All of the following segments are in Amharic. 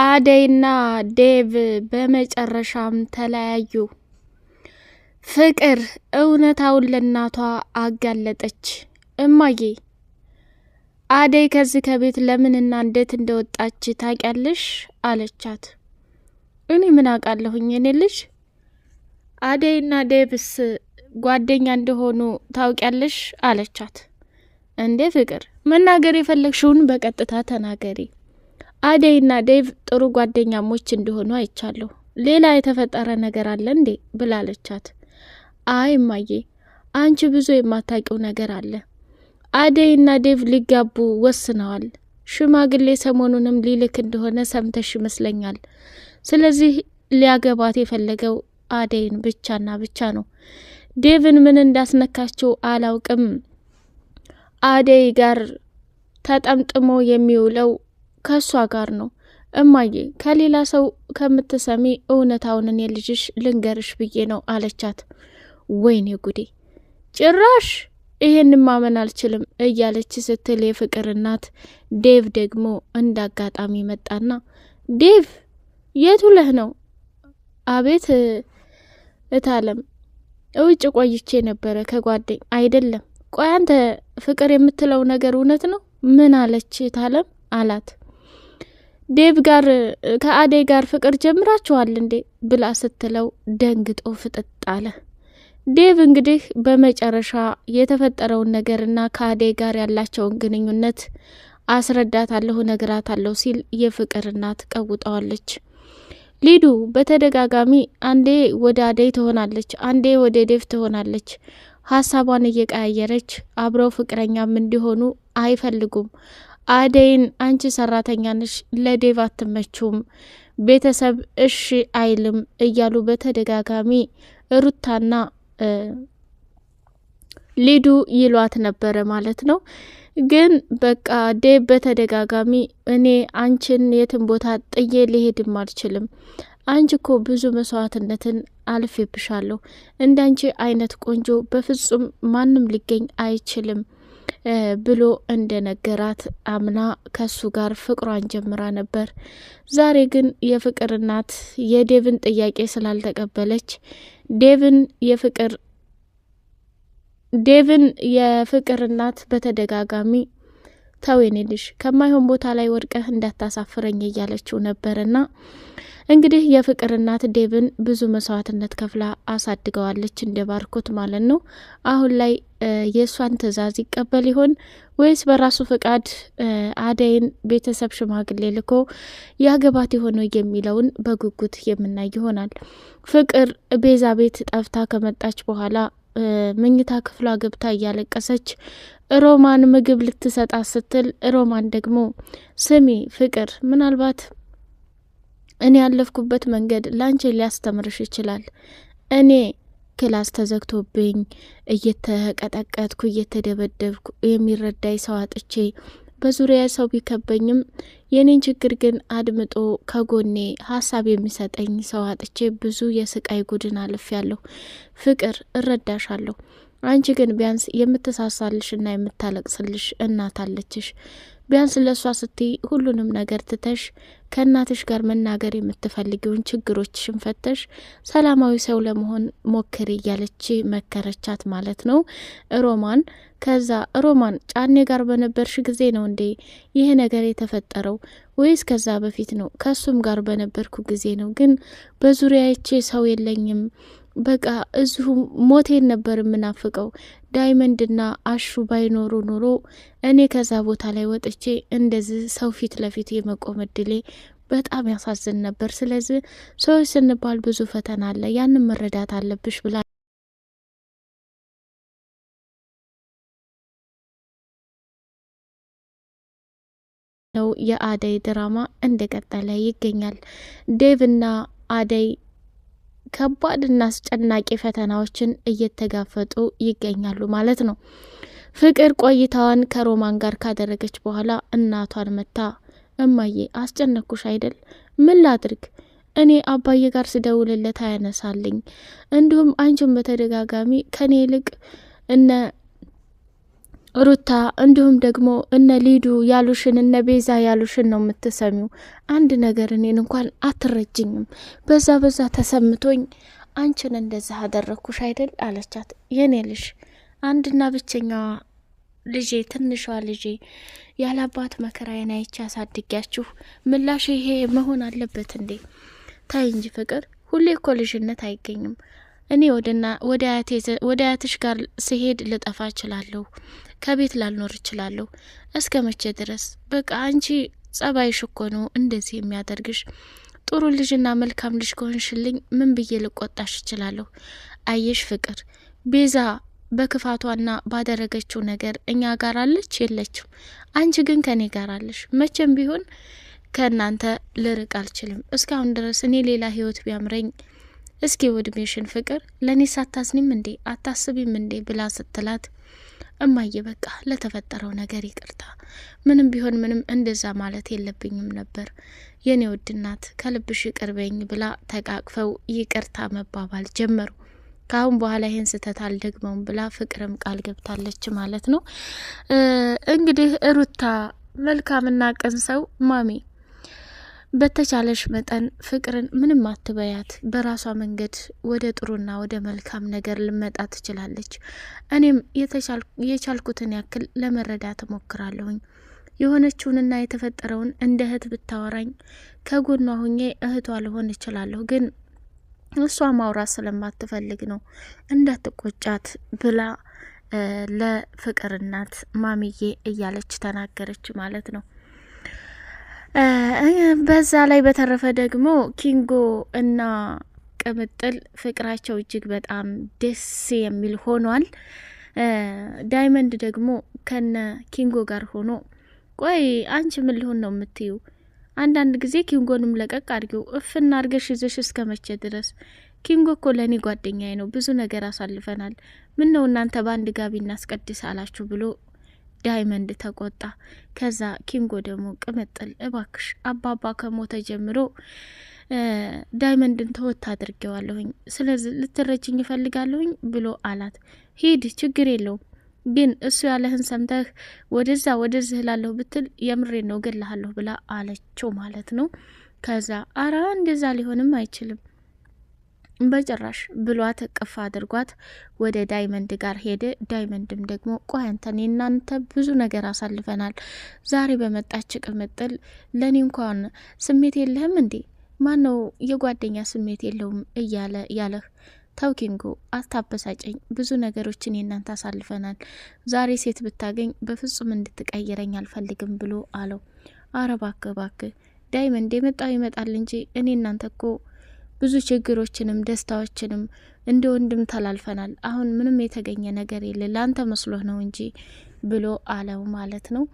አደይና ዴቭ በመጨረሻም ተለያዩ። ፍቅር እውነታውን ለእናቷ አጋለጠች። እማዬ አደይ ከዚህ ከቤት ለምንና እንዴት እንደወጣች ታውቂያለሽ? አለቻት። እኔ ምን አውቃለሁኝ የኔ ልጅ። አደይና ዴቭስ ጓደኛ እንደሆኑ ታውቂያለሽ? አለቻት። እንዴ ፍቅር፣ መናገር የፈለግሽውን በቀጥታ ተናገሪ አደይና ዴቭ ጥሩ ጓደኛሞች እንደሆኑ አይቻለሁ። ሌላ የተፈጠረ ነገር አለ እንዴ ብላለቻት። አይ እማዬ፣ አንቺ ብዙ የማታውቂው ነገር አለ። አደይና ዴቭ ሊጋቡ ወስነዋል። ሽማግሌ ሰሞኑንም ሊልክ እንደሆነ ሰምተሽ ይመስለኛል። ስለዚህ ሊያገባት የፈለገው አደይን ብቻና ብቻ ነው። ዴቭን ምን እንዳስነካችው አላውቅም። አደይ ጋር ተጠምጥሞ የሚውለው ከእሷ ጋር ነው። እማዬ ከሌላ ሰው ከምትሰሚ እውነታውን እኔ ልጅሽ ልንገርሽ ብዬ ነው አለቻት። ወይኔ ጉዴ ጭራሽ ይሄን ማመን አልችልም እያለች ስትል የፍቅር እናት ዴቭ ደግሞ እንደ አጋጣሚ መጣና ዴቭ የቱ ለህ ነው? አቤት እታለም እውጭ ቆይቼ ነበረ ከጓደኝ አይደለም። ቆይ አንተ ፍቅር የምትለው ነገር እውነት ነው? ምን አለች እታለም አላት ዴብ ጋር ከአዴ ጋር ፍቅር ጀምራችኋል እንዴ ብላ ስትለው ደንግጦ ፍጥጥ አለ። ዴቭ እንግዲህ በመጨረሻ የተፈጠረውን ነገርና ከአደይ ጋር ያላቸውን ግንኙነት አስረዳታለሁ፣ እነግራታለሁ ሲል የፍቅር እናት ቀውጠዋለች። ሊዱ በተደጋጋሚ አንዴ ወደ አደይ ትሆናለች፣ አንዴ ወደ ዴቭ ትሆናለች። ሀሳቧን እየቀያየረች አብረው ፍቅረኛም እንዲሆኑ አይፈልጉም። አደይን አንቺ ሰራተኛ ነሽ፣ ለዴቭ አትመችውም፣ ቤተሰብ እሺ አይልም እያሉ በተደጋጋሚ ሩታና ሊዱ ይሏት ነበረ ማለት ነው። ግን በቃ ዴቭ በተደጋጋሚ እኔ አንቺን የትን ቦታ ጥዬ ሊሄድም አልችልም አንቺ እኮ ብዙ መስዋዕትነትን አልፌብሻለሁ። እንዳንቺ አይነት ቆንጆ በፍጹም ማንም ሊገኝ አይችልም ብሎ እንደነገራት አምና ከሱ ጋር ፍቅሯን ጀምራ ነበር። ዛሬ ግን የፍቅር እናት የዴቭን ጥያቄ ስላልተቀበለች ዴቭን የፍቅር ዴቭን የፍቅር እናት በተደጋጋሚ ተወኔ ልጅ ከማይሆን ቦታ ላይ ወድቀህ እንዳታሳፍረኝ እያለችው ነበርና እንግዲህ የፍቅር እናት ዴብን ብዙ መስዋዕትነት ከፍላ አሳድገዋለች፣ እንደ ባርኮት ማለት ነው። አሁን ላይ የእሷን ትዕዛዝ ይቀበል ይሆን ወይስ በራሱ ፈቃድ አደይን ቤተሰብ ሽማግሌ ልኮ ያገባት የሆነው የሚለውን በጉጉት የምናይ ይሆናል። ፍቅር ቤዛ ቤት ጠፍታ ከመጣች በኋላ መኝታ ክፍሏ ገብታ እያለቀሰች ሮማን ምግብ ልትሰጣ ስትል ሮማን ደግሞ ስሚ ፍቅር፣ ምናልባት እኔ ያለፍኩበት መንገድ ላንቺ ሊያስተምርሽ ይችላል። እኔ ክላስ ተዘግቶብኝ እየተቀጠቀጥኩ እየተደበደብኩ የሚረዳኝ ሰው አጥቼ በዙሪያ ሰው ቢከበኝም የኔን ችግር ግን አድምጦ ከጎኔ ሀሳብ የሚሰጠኝ ሰው አጥቼ ብዙ የስቃይ ጉድን አልፍ ያለሁ። ፍቅር እረዳሻለሁ። አንቺ ግን ቢያንስ የምትሳሳልሽ እና የምታለቅስልሽ እናት አለችሽ። ቢያንስ ለእሷ ስትይ ሁሉንም ነገር ትተሽ ከእናትሽ ጋር መናገር የምትፈልጊውን ችግሮች ሽንፈተሽ ሰላማዊ ሰው ለመሆን ሞክሪ እያለች መከረቻት ማለት ነው ሮማን። ከዛ ሮማን ጫኔ ጋር በነበርሽ ጊዜ ነው እንዴ ይህ ነገር የተፈጠረው ወይስ ከዛ በፊት ነው? ከሱም ጋር በነበርኩ ጊዜ ነው፣ ግን በዙሪያቼ ሰው የለኝም በቃ እዚሁ ሞቴን ነበር የምናፍቀው። ዳይመንድና አሹ ባይኖሩ ኑሮ እኔ ከዛ ቦታ ላይ ወጥቼ እንደዚህ ሰው ፊት ለፊት የመቆም እድሌ በጣም ያሳዝን ነበር። ስለዚህ ሰዎች ስንባል ብዙ ፈተና አለ፣ ያንን መረዳት አለብሽ ብላ ነው የአደይ ድራማ እንደቀጠለ ይገኛል። ዴቭና አደይ ከባድና አስጨናቂ ፈተናዎችን እየተጋፈጡ ይገኛሉ ማለት ነው። ፍቅር ቆይታዋን ከሮማን ጋር ካደረገች በኋላ እናቷን መታ እማዬ አስጨነኩሽ አይደል? ምን ላድርግ? እኔ አባዬ ጋር ስደውልለት አያነሳልኝ፣ እንዲሁም አንቺን በተደጋጋሚ ከኔ ይልቅ እነ ሩታ እንዲሁም ደግሞ እነ ሊዱ ያሉሽን እነ ቤዛ ያሉሽን ነው የምትሰሚው። አንድ ነገር እኔን እንኳን አትረጅኝም። በዛ በዛ ተሰምቶኝ አንቺን እንደዚህ አደረግኩሽ አይደል አለቻት። የኔ ልሽ አንድና ብቸኛዋ ልጄ ትንሿ ልጄ ያለአባት መከራዬን አይቼ አሳድጊያችሁ ምላሽ ይሄ መሆን አለበት እንዴ? ታይ እንጂ ፍቅር ሁሌ እኮ ልጅነት አይገኝም። እኔ ወደና ወደ አያትሽ ጋር ስሄድ ልጠፋ እችላለሁ፣ ከቤት ላልኖር እችላለሁ። እስከ መቼ ድረስ? በቃ አንቺ ጸባይሽ እኮ ነው እንደዚህ የሚያደርግሽ። ጥሩ ልጅና መልካም ልጅ ከሆንሽልኝ ምን ብዬ ልቆጣሽ እችላለሁ? አየሽ ፍቅር ቤዛ በክፋቷና ባደረገችው ነገር እኛ ጋር አለች የለችም። አንቺ ግን ከኔ ጋር አለሽ። መቼም ቢሆን ከእናንተ ልርቅ አልችልም። እስካሁን ድረስ እኔ ሌላ ህይወት ቢያምረኝ እስኪ ውድሜሽን ፍቅር ለእኔ ሳታዝኒም እንዴ አታስቢም እንዴ ብላ ስትላት እማዬ በቃ ለተፈጠረው ነገር ይቅርታ፣ ምንም ቢሆን ምንም እንደዛ ማለት የለብኝም ነበር የኔ ውድናት ከልብሽ ይቅርበኝ ብላ ተቃቅፈው ይቅርታ መባባል ጀመሩ። ከአሁን በኋላ ይህን ስህተት አልደግመውም ብላ ፍቅርም ቃል ገብታለች ማለት ነው። እንግዲህ ሩታ መልካምና ቅን ሰው ማሜ በተቻለሽ መጠን ፍቅርን ምንም አትበያት። በራሷ መንገድ ወደ ጥሩና ወደ መልካም ነገር ልመጣ ትችላለች። እኔም የቻልኩትን ያክል ለመረዳት እሞክራለሁኝ። የሆነችውንና የተፈጠረውን እንደ እህት ብታወራኝ ከጎኗ ሁኜ እህቷ ልሆን እችላለሁ፣ ግን እሷ ማውራት ስለማትፈልግ ነው እንዳትቆጫት ብላ ለፍቅር እናት ማሚዬ እያለች ተናገረች ማለት ነው። በዛ ላይ በተረፈ ደግሞ ኪንጎ እና ቅምጥል ፍቅራቸው እጅግ በጣም ደስ የሚል ሆኗል። ዳይመንድ ደግሞ ከነ ኪንጎ ጋር ሆኖ ቆይ አንቺ ምን ሊሆን ነው የምትዩ? አንዳንድ ጊዜ ኪንጎንም ለቀቅ አድርጊው እፍና አድርገሽ ይዘሽ እስከ መቼ ድረስ? ኪንጎ እኮ ለእኔ ጓደኛዬ ነው፣ ብዙ ነገር አሳልፈናል። ምን ነው እናንተ በአንድ ጋቢ እናስቀድስ አላችሁ ብሎ ዳይመንድ ተቆጣ። ከዛ ኪንጎ ደግሞ ቅምጥል እባክሽ አባባ ከሞተ ጀምሮ ዳይመንድን ተወት አድርጌዋለሁኝ፣ ስለዚህ ልትረጅኝ ይፈልጋለሁኝ ብሎ አላት። ሂድ ችግር የለውም ግን እሱ ያለህን ሰምተህ ወደዛ ወደዚህ ላለሁ ብትል የምሬ ነው ገላሃለሁ ብላ አለችው ማለት ነው። ከዛ አራ እንደዛ ሊሆንም አይችልም በጭራሽ ብሏት ቅፍ አድርጓት ወደ ዳይመንድ ጋር ሄደ። ዳይመንድም ደግሞ ቆይ አንተ እኔ እናንተ ብዙ ነገር አሳልፈናል። ዛሬ በመጣች ቅምጥል ለእኔ እንኳን ስሜት የለህም እንዴ? ማነው የጓደኛ ስሜት የለውም እያለ ያለህ? ተው ኪንጎ አታበሳጨኝ። ብዙ ነገሮችን የእናንተ አሳልፈናል። ዛሬ ሴት ብታገኝ በፍጹም እንድትቀይረኝ አልፈልግም ብሎ አለው። አረ ባክ ባክ ዳይመንድ የመጣው ይመጣል እንጂ እኔ እናንተ እኮ ብዙ ችግሮችንም ደስታዎችንም እንደ ወንድም ተላልፈናል። አሁን ምንም የተገኘ ነገር የለ ለአንተ መስሎህ ነው እንጂ ብሎ አለው ማለት ነው።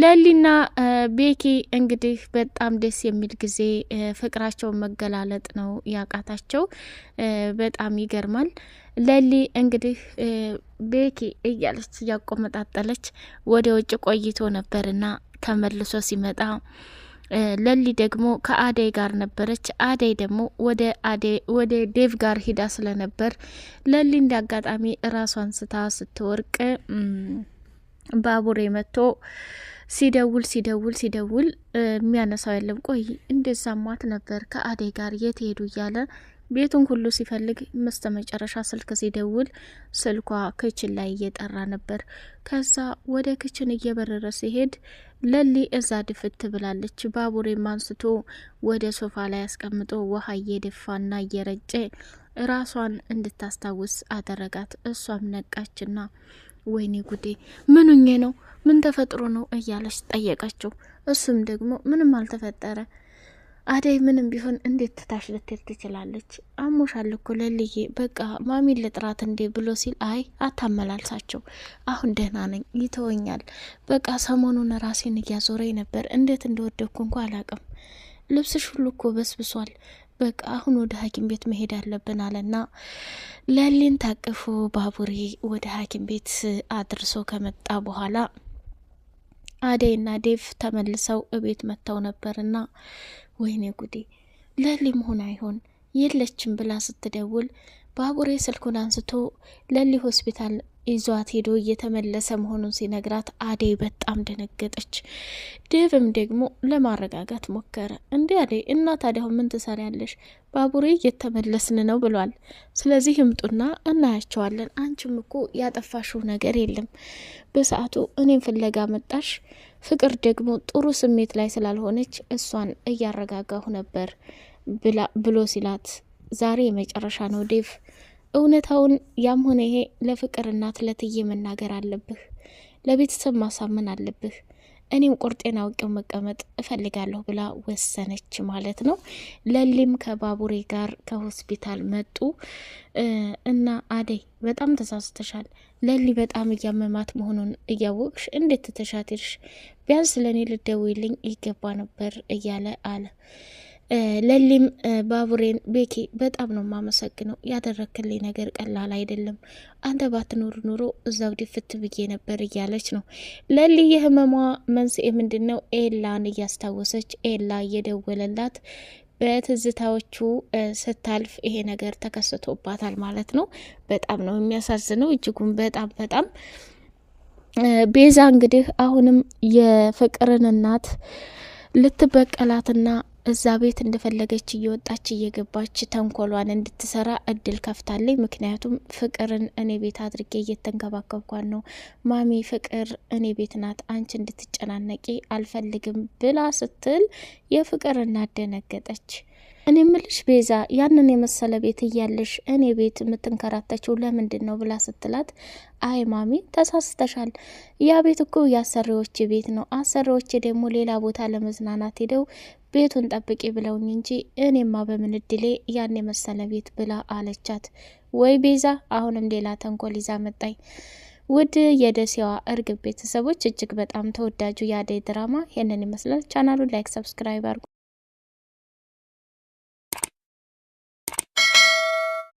ለሊና ቤኪ እንግዲህ በጣም ደስ የሚል ጊዜ ፍቅራቸውን መገላለጥ ነው ያቃታቸው። በጣም ይገርማል። ለሊ እንግዲህ ቤኪ እያለች እያቆመጣጠለች ወደ ውጭ ቆይቶ ነበርና ተመልሶ ሲመጣ ለሊ ደግሞ ከአደይ ጋር ነበረች። አደይ ደግሞ ወደ ዴቭ ጋር ሂዳ ስለነበር ለሊ እንደ አጋጣሚ ራሷን ስታ ስትወርቅ ባቡሬ መጥቶ ሲደውል ሲደውል ሲደውል የሚያነሳው ያለም ቆይ እንደዛማት ነበር ከአደይ ጋር የት ሄዱ እያለ ቤቱን ሁሉ ሲፈልግ በስተመጨረሻ ስልክ ሲደውል ስልኳ ክችን ላይ እየጠራ ነበር። ከዛ ወደ ክችን እየበረረ ሲሄድ ለሊ እዛ ድፍት ብላለች። ባቡሬም አንስቶ ወደ ሶፋ ላይ አስቀምጦ ውሃ እየደፋና እየረጨ ራሷን እንድታስታውስ አደረጋት። እሷም ነቃችና ወይኔ ጉዴ ምኑኜ ነው ምን ተፈጥሮ ነው እያለች ጠየቃቸው። እሱም ደግሞ ምንም አልተፈጠረ አደይ ምንም ቢሆን እንዴት ትታሽ ልትል ትችላለች? አሞሻል እኮ ለልዬ በቃ ማሚን ልጥራት እንዴ ብሎ ሲል አይ አታመላልሳቸው፣ አሁን ደህና ነኝ፣ ይተወኛል። በቃ ሰሞኑን ራሴን እያዞረኝ ነበር፣ እንዴት እንደወደኩ እንኳ አላቅም። ልብስሽ ሁሉ እኮ በስብሷል፣ በቃ አሁን ወደ ሐኪም ቤት መሄድ አለብን አለና ለሊን ታቅፎ ባቡሬ ወደ ሐኪም ቤት አድርሶ ከመጣ በኋላ አደይና ዴቭ ተመልሰው እቤት መጥተው ነበርና ወይኔ ጉዴ ለሊ መሆን አይሆን የለችም ብላ ስትደውል ባቡሬ ስልኩን አንስቶ ለሊ ሆስፒታል ይዟት ሄዶ እየተመለሰ መሆኑን ሲነግራት አደይ በጣም ደነገጠች። ዴቭም ደግሞ ለማረጋጋት ሞከረ። እንዴ አደይ እና ታዲያ አሁን ምን ትሰሪያለሽ? ባቡሬ እየተመለስን ነው ብሏል። ስለዚህ እምጡና እናያቸዋለን። አንቺም እኮ ያጠፋሽው ነገር የለም። በሰዓቱ እኔም ፍለጋ መጣሽ። ፍቅር ደግሞ ጥሩ ስሜት ላይ ስላልሆነች እሷን እያረጋጋሁ ነበር ብሎ ሲላት ዛሬ የመጨረሻ ነው ዴቭ እውነታውን ያም ሆነ ይሄ ለፍቅር እናት ለትዬ መናገር አለብህ፣ ለቤተሰብ ማሳመን አለብህ። እኔም ቁርጤን አውቄው መቀመጥ እፈልጋለሁ ብላ ወሰነች ማለት ነው። ለሊም ከባቡሬ ጋር ከሆስፒታል መጡ እና አደይ በጣም ተሳስተሻል። ለሊ በጣም እያመማት መሆኑን እያወቅሽ እንዴት ትተሻት ቢያንስ ለእኔ ልደውይልኝ ይገባ ነበር እያለ አለ ለሊም ባቡሬን ቤኪ በጣም ነው የማመሰግነው። ያደረክልኝ ነገር ቀላል አይደለም። አንተ ባትኖር ኑሮ እዛው ድፍት ብዬ ነበር እያለች ነው ለሊ። የህመሟ መንስኤ ምንድን ነው? ኤላን እያስታወሰች ኤላ እየደወለላት በትዝታዎቹ ስታልፍ ይሄ ነገር ተከስቶባታል ማለት ነው። በጣም ነው የሚያሳዝነው። እጅጉን በጣም በጣም ቤዛ እንግዲህ አሁንም የፍቅርን እናት ልትበቀላትና እዛ ቤት እንደፈለገች እየወጣች እየገባች ተንኮሏን እንድትሰራ እድል ከፍታለኝ። ምክንያቱም ፍቅርን እኔ ቤት አድርጌ እየተንከባከብኳን ነው። ማሚ ፍቅር እኔ ቤት ናት፣ አንቺ እንድትጨናነቂ አልፈልግም ብላ ስትል የፍቅር እናደነገጠች። እኔ ምልሽ ቤዛ ያንን የመሰለ ቤት እያለሽ እኔ ቤት የምትንከራተችው ለምንድን ነው ብላ ስትላት፣ አይ ማሚ ተሳስተሻል። ያ ቤት እኮ የአሰሪዎች ቤት ነው። አሰሪዎች ደግሞ ሌላ ቦታ ለመዝናናት ሄደው ቤቱን ጠብቂ ብለውኝ እንጂ እኔማ በምን እድሌ ያን የመሰለ ቤት ብላ አለቻት። ወይ ቤዛ አሁንም ሌላ ተንኮል ይዛ መጣኝ። ውድ የደሴዋ እርግብ ቤተሰቦች እጅግ በጣም ተወዳጁ የአደይ ድራማ ይህንን ይመስላል። ቻናሉን ላይክ፣ ሰብስክራይብ አርጉ።